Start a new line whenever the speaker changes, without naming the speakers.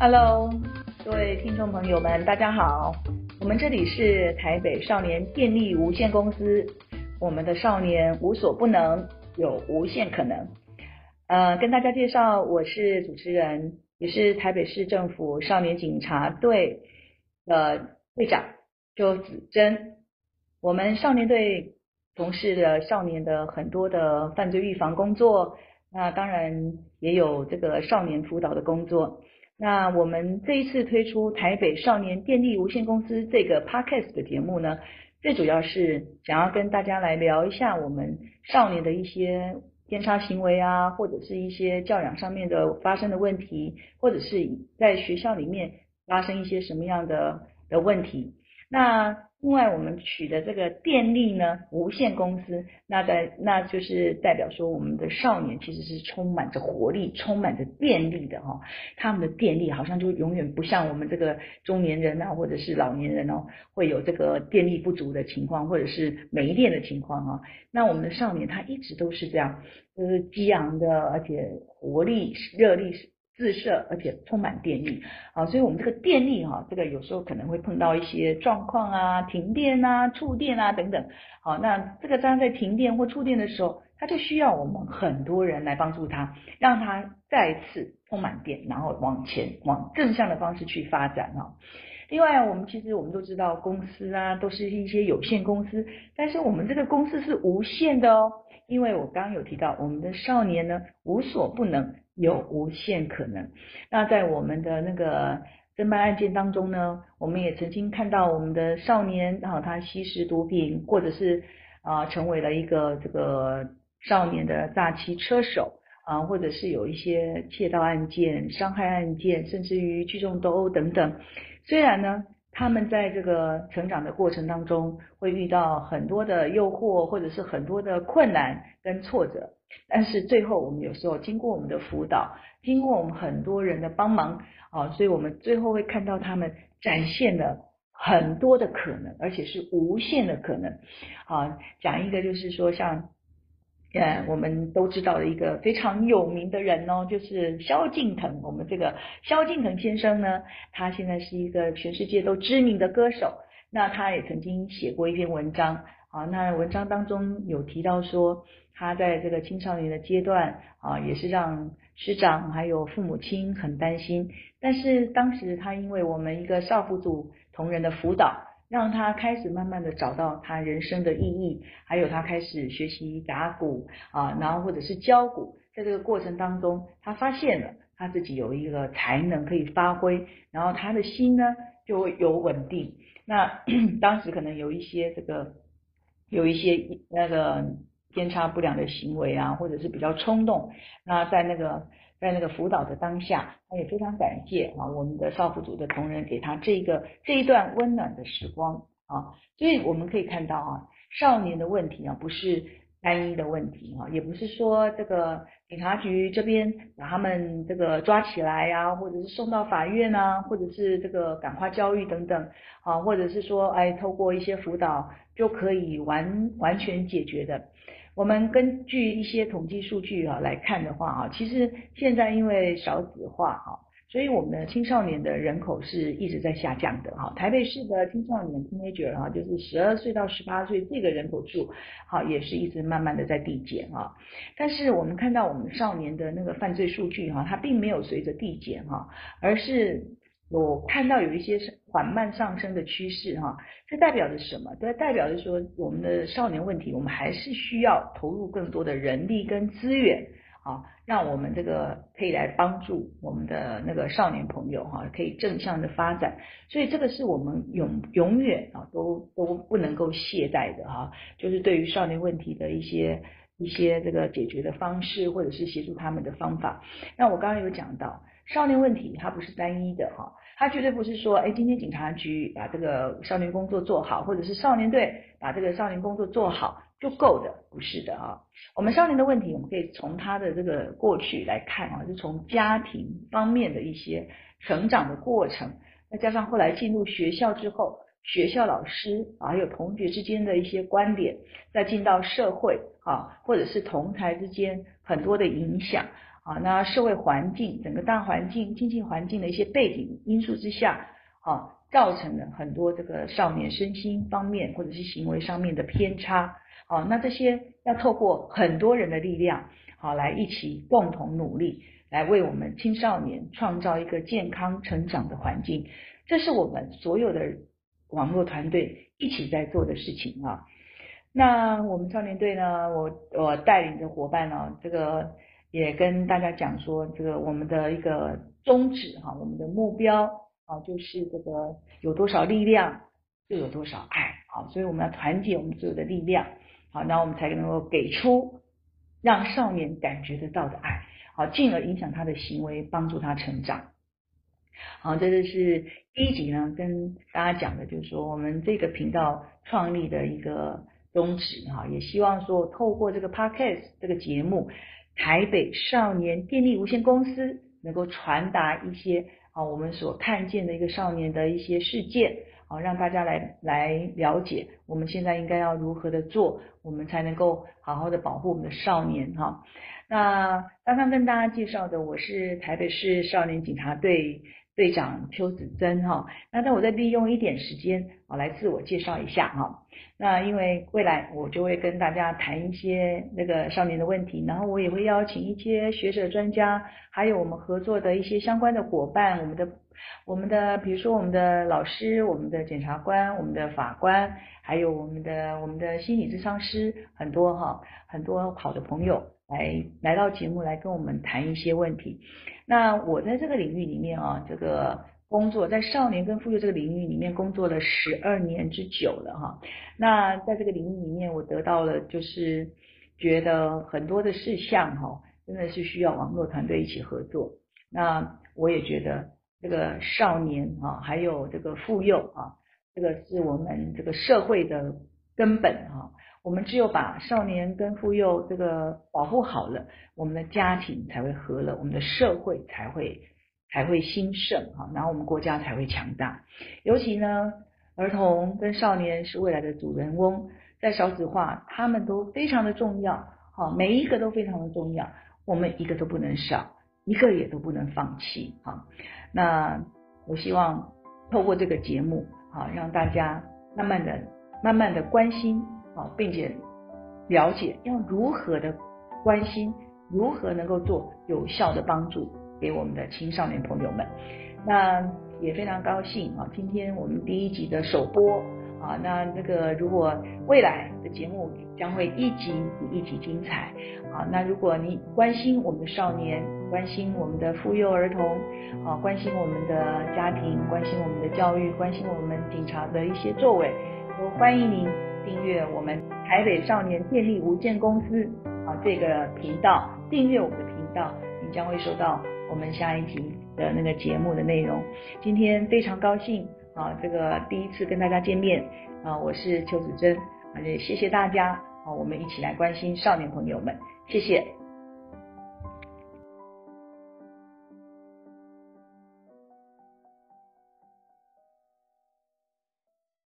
Hello，各位聽眾朋友們，大家好。我們這裡是台北少年電力無限公司，我們的少年無所不能，有無限可能。呃，跟大家介紹，我是主持人，也是台北市政府少年警察隊的、呃、隊長周子珍。我們少年隊從事了少年的很多的犯罪預防工作，那當然也有這個少年輔導的工作。那我們這一次推出台北少年電力無限公司這個 podcast 的節目呢，最主要是想要跟大家來聊一下我們少年的一些偏差行為啊，或者是一些教養上面的發生的問題，或者是在學校裡面發生一些什麼樣的的問題。那另外我們取的這個電力呢，無限公司，那在，那就是代表說我們的少年其實是充滿着活力、充滿着電力的哈、哦。他們的電力好像就永遠不像我們這個中年人啊，或者是老年人哦，會有這個電力不足的情況，或者是沒電的情況哈、哦。那我們的少年他一直都是這樣，就是激昂的，而且活力、熱力。自設而且充滿電力，啊，所以我們這個電力哈，這個有時候可能會碰到一些狀況啊，停電啊、觸電啊等等，好，那這個站在停電或觸電的時候，它就需要我們很多人來幫助它，讓它再次充滿電，然後往前往正向的方式去發展哈。另外，我們其實我們都知道公司啊，都是一些有限公司，但是我們這個公司是無限的哦，因為我剛剛有提到，我們的少年呢，無所不能，有無限可能。那在我們的那個偵辦案件當中呢，我們也曾經看到我們的少年，然後他吸食毒品，或者是啊成為了一個這個少年的詐欺車手啊，或者是有一些竊盜案件、傷害案件，甚至於聚眾鬥毆等等。雖然呢，他們在這個成長的過程當中會遇到很多的誘惑，或者是很多的困難跟挫折，但是最後我們有時候經過我們的輔導，經過我們很多人的幫忙，啊，所以我們最後會看到他們展現了很多的可能，而且是無限的可能。啊，講一個就是說像。呃，yeah，我們都知道的一個非常有名的人哦，就是蕭敬騰。我們這個蕭敬騰先生呢，他現在是一個全世界都知名的歌手。那他也曾經寫過一篇文章啊，那文章當中有提到說，他在這個青少年的階段啊，也是讓師長還有父母親很擔心。但是當時他因為我們一個少輔組同仁的輔導，讓他開始慢慢的找到他人生的意義，還有他開始學習打鼓啊，然後或者是教鼓，在這個過程當中，他發現了他自己有一個才能可以發揮，然後他的心呢就會有穩定。那當時可能有一些這個，有一些那個偏差不良的行為啊，或者是比較衝動，那在那個。在那個輔導的當下，他也非常感謝啊，我們的少輔組的同仁給他這個這一段溫暖的時光啊，所以我們可以看到啊，少年的問題啊不是單一的問題啊，也不是說這個警察局這邊把他們這個抓起來呀、啊，或者是送到法院啊，或者是這個感化教育等等啊，或者是說哎透過一些輔導就可以完完全解決的。我們根據一些統計數據啊來看的話啊，其實現在因為少子化哈，所以我們的青少年的人口是一直在下降的哈。台北市的青少年 （teenager） 哈，就是十二歲到十八歲這個人口數哈，也是一直慢慢的在遞減哈。但是我們看到我們少年的那個犯罪數據哈，它並沒有隨着遞減哈，而是我看到有一些是。緩慢上升的趨勢，哈，這代表着什麼？這代表着說，我們的少年問題，我們還是需要投入更多的人力跟資源，啊，讓我們這個可以來幫助我們的那個少年朋友，哈，可以正向的發展。所以，這個是我們永永遠啊，都都不能夠懈怠的，哈，就是對於少年問題的一些一些這個解決的方式，或者是協助他們的方法。那我剛剛有講到，少年問題它不是單一的，哈。他絕對不是說，哎，今天警察局把這個少年工作做好，或者是少年隊把這個少年工作做好就夠的，不是的啊。我們少年的問題，我們可以從他的這個過去來看啊，就從家庭方面的一些成長的過程，再加上後來進入學校之後，學校老師啊，還有同學之間的一些觀點，再進到社會啊，或者是同儕之間很多的影響。啊，那社會環境、整個大環境、經濟環境的一些背景因素之下，啊，造成了很多這個少年身心方面或者是行為上面的偏差。啊，那這些要透過很多人的力量，好，來一起共同努力，來為我們青少年創造一個健康成長的環境。這是我們所有的網絡團隊一起在做的事情。啊。那我們少年隊呢，我我帶領著夥伴呢，這個。也跟大家講說，這個我們的一個宗旨哈，我們的目標啊，就是這個有多少力量就有多少愛，好，所以我們要團結我們所有的力量，好，那我們才能夠給出讓少年感覺得到的愛，好，進而影響他的行為，幫助他成長。好，這就是一集呢，跟大家講的就是說，我們這個頻道創立的一個宗旨哈，也希望說，透過這個 podcast 這個節目。台北少年電力無限公司，能夠傳達一些啊，我們所看見的一個少年的一些事件啊，讓大家來來了解我們現在應該要如何的做，我們才能夠好好的保護我們的少年哈。那剛剛跟大家介紹的，我是台北市少年警察隊隊長邱子珍哈，那那我再利用一點時間，我來自我介紹一下哈。那因為未來我就會跟大家談一些那個少年的問題，然後我也會邀請一些學者專家，還有我們合作的一些相關的夥伴，我們的。我們的，比如說我們的老師、我們的檢察官、我們的法官，還有我們的我們的心理諮商師，很多哈，很多好的朋友來來到節目來跟我們談一些問題。那我在這個領域裡面啊，這個工作在少年跟婦幼這個領域裡面工作了十二年之久了哈。那在這個領域裡面，我得到了就是覺得很多的事項哈，真的是需要網絡團隊一起合作。那我也覺得。這個少年啊，還有這個婦幼啊，這個是我們這個社會的根本啊。我們只有把少年跟婦幼這個保護好了，我們的家庭才會和樂，我們的社會才會才會興盛啊，然後我們國家才會強大。尤其呢，兒童跟少年是未來的主人翁，在少子化，他們都非常的重要啊，每一個都非常的重要，我們一個都不能少。一個也都不能放棄啊！那我希望透過這個節目啊，讓大家慢慢的、慢慢的關心啊，並且了解要如何的關心，如何能夠做有效的幫助給我們的青少年朋友們。那也非常高興啊，今天我們第一集的首播。啊，那那個如果未來的節目將會一集比一集精彩，啊，那如果你關心我們的少年，關心我們的婦幼兒童，啊，關心我們的家庭，關心我們的教育，關心我們警察的一些作為，我歡迎您訂閱我們台北少年電力無限公司啊，這個頻道，訂閱我們的頻道，你將會收到我們下一集的那個節目的內容。今天非常高興。啊，這個第一次跟大家見面，啊，我是邱子珍，啊，也謝謝大家，啊，我們一起來關心少年朋友們，謝謝。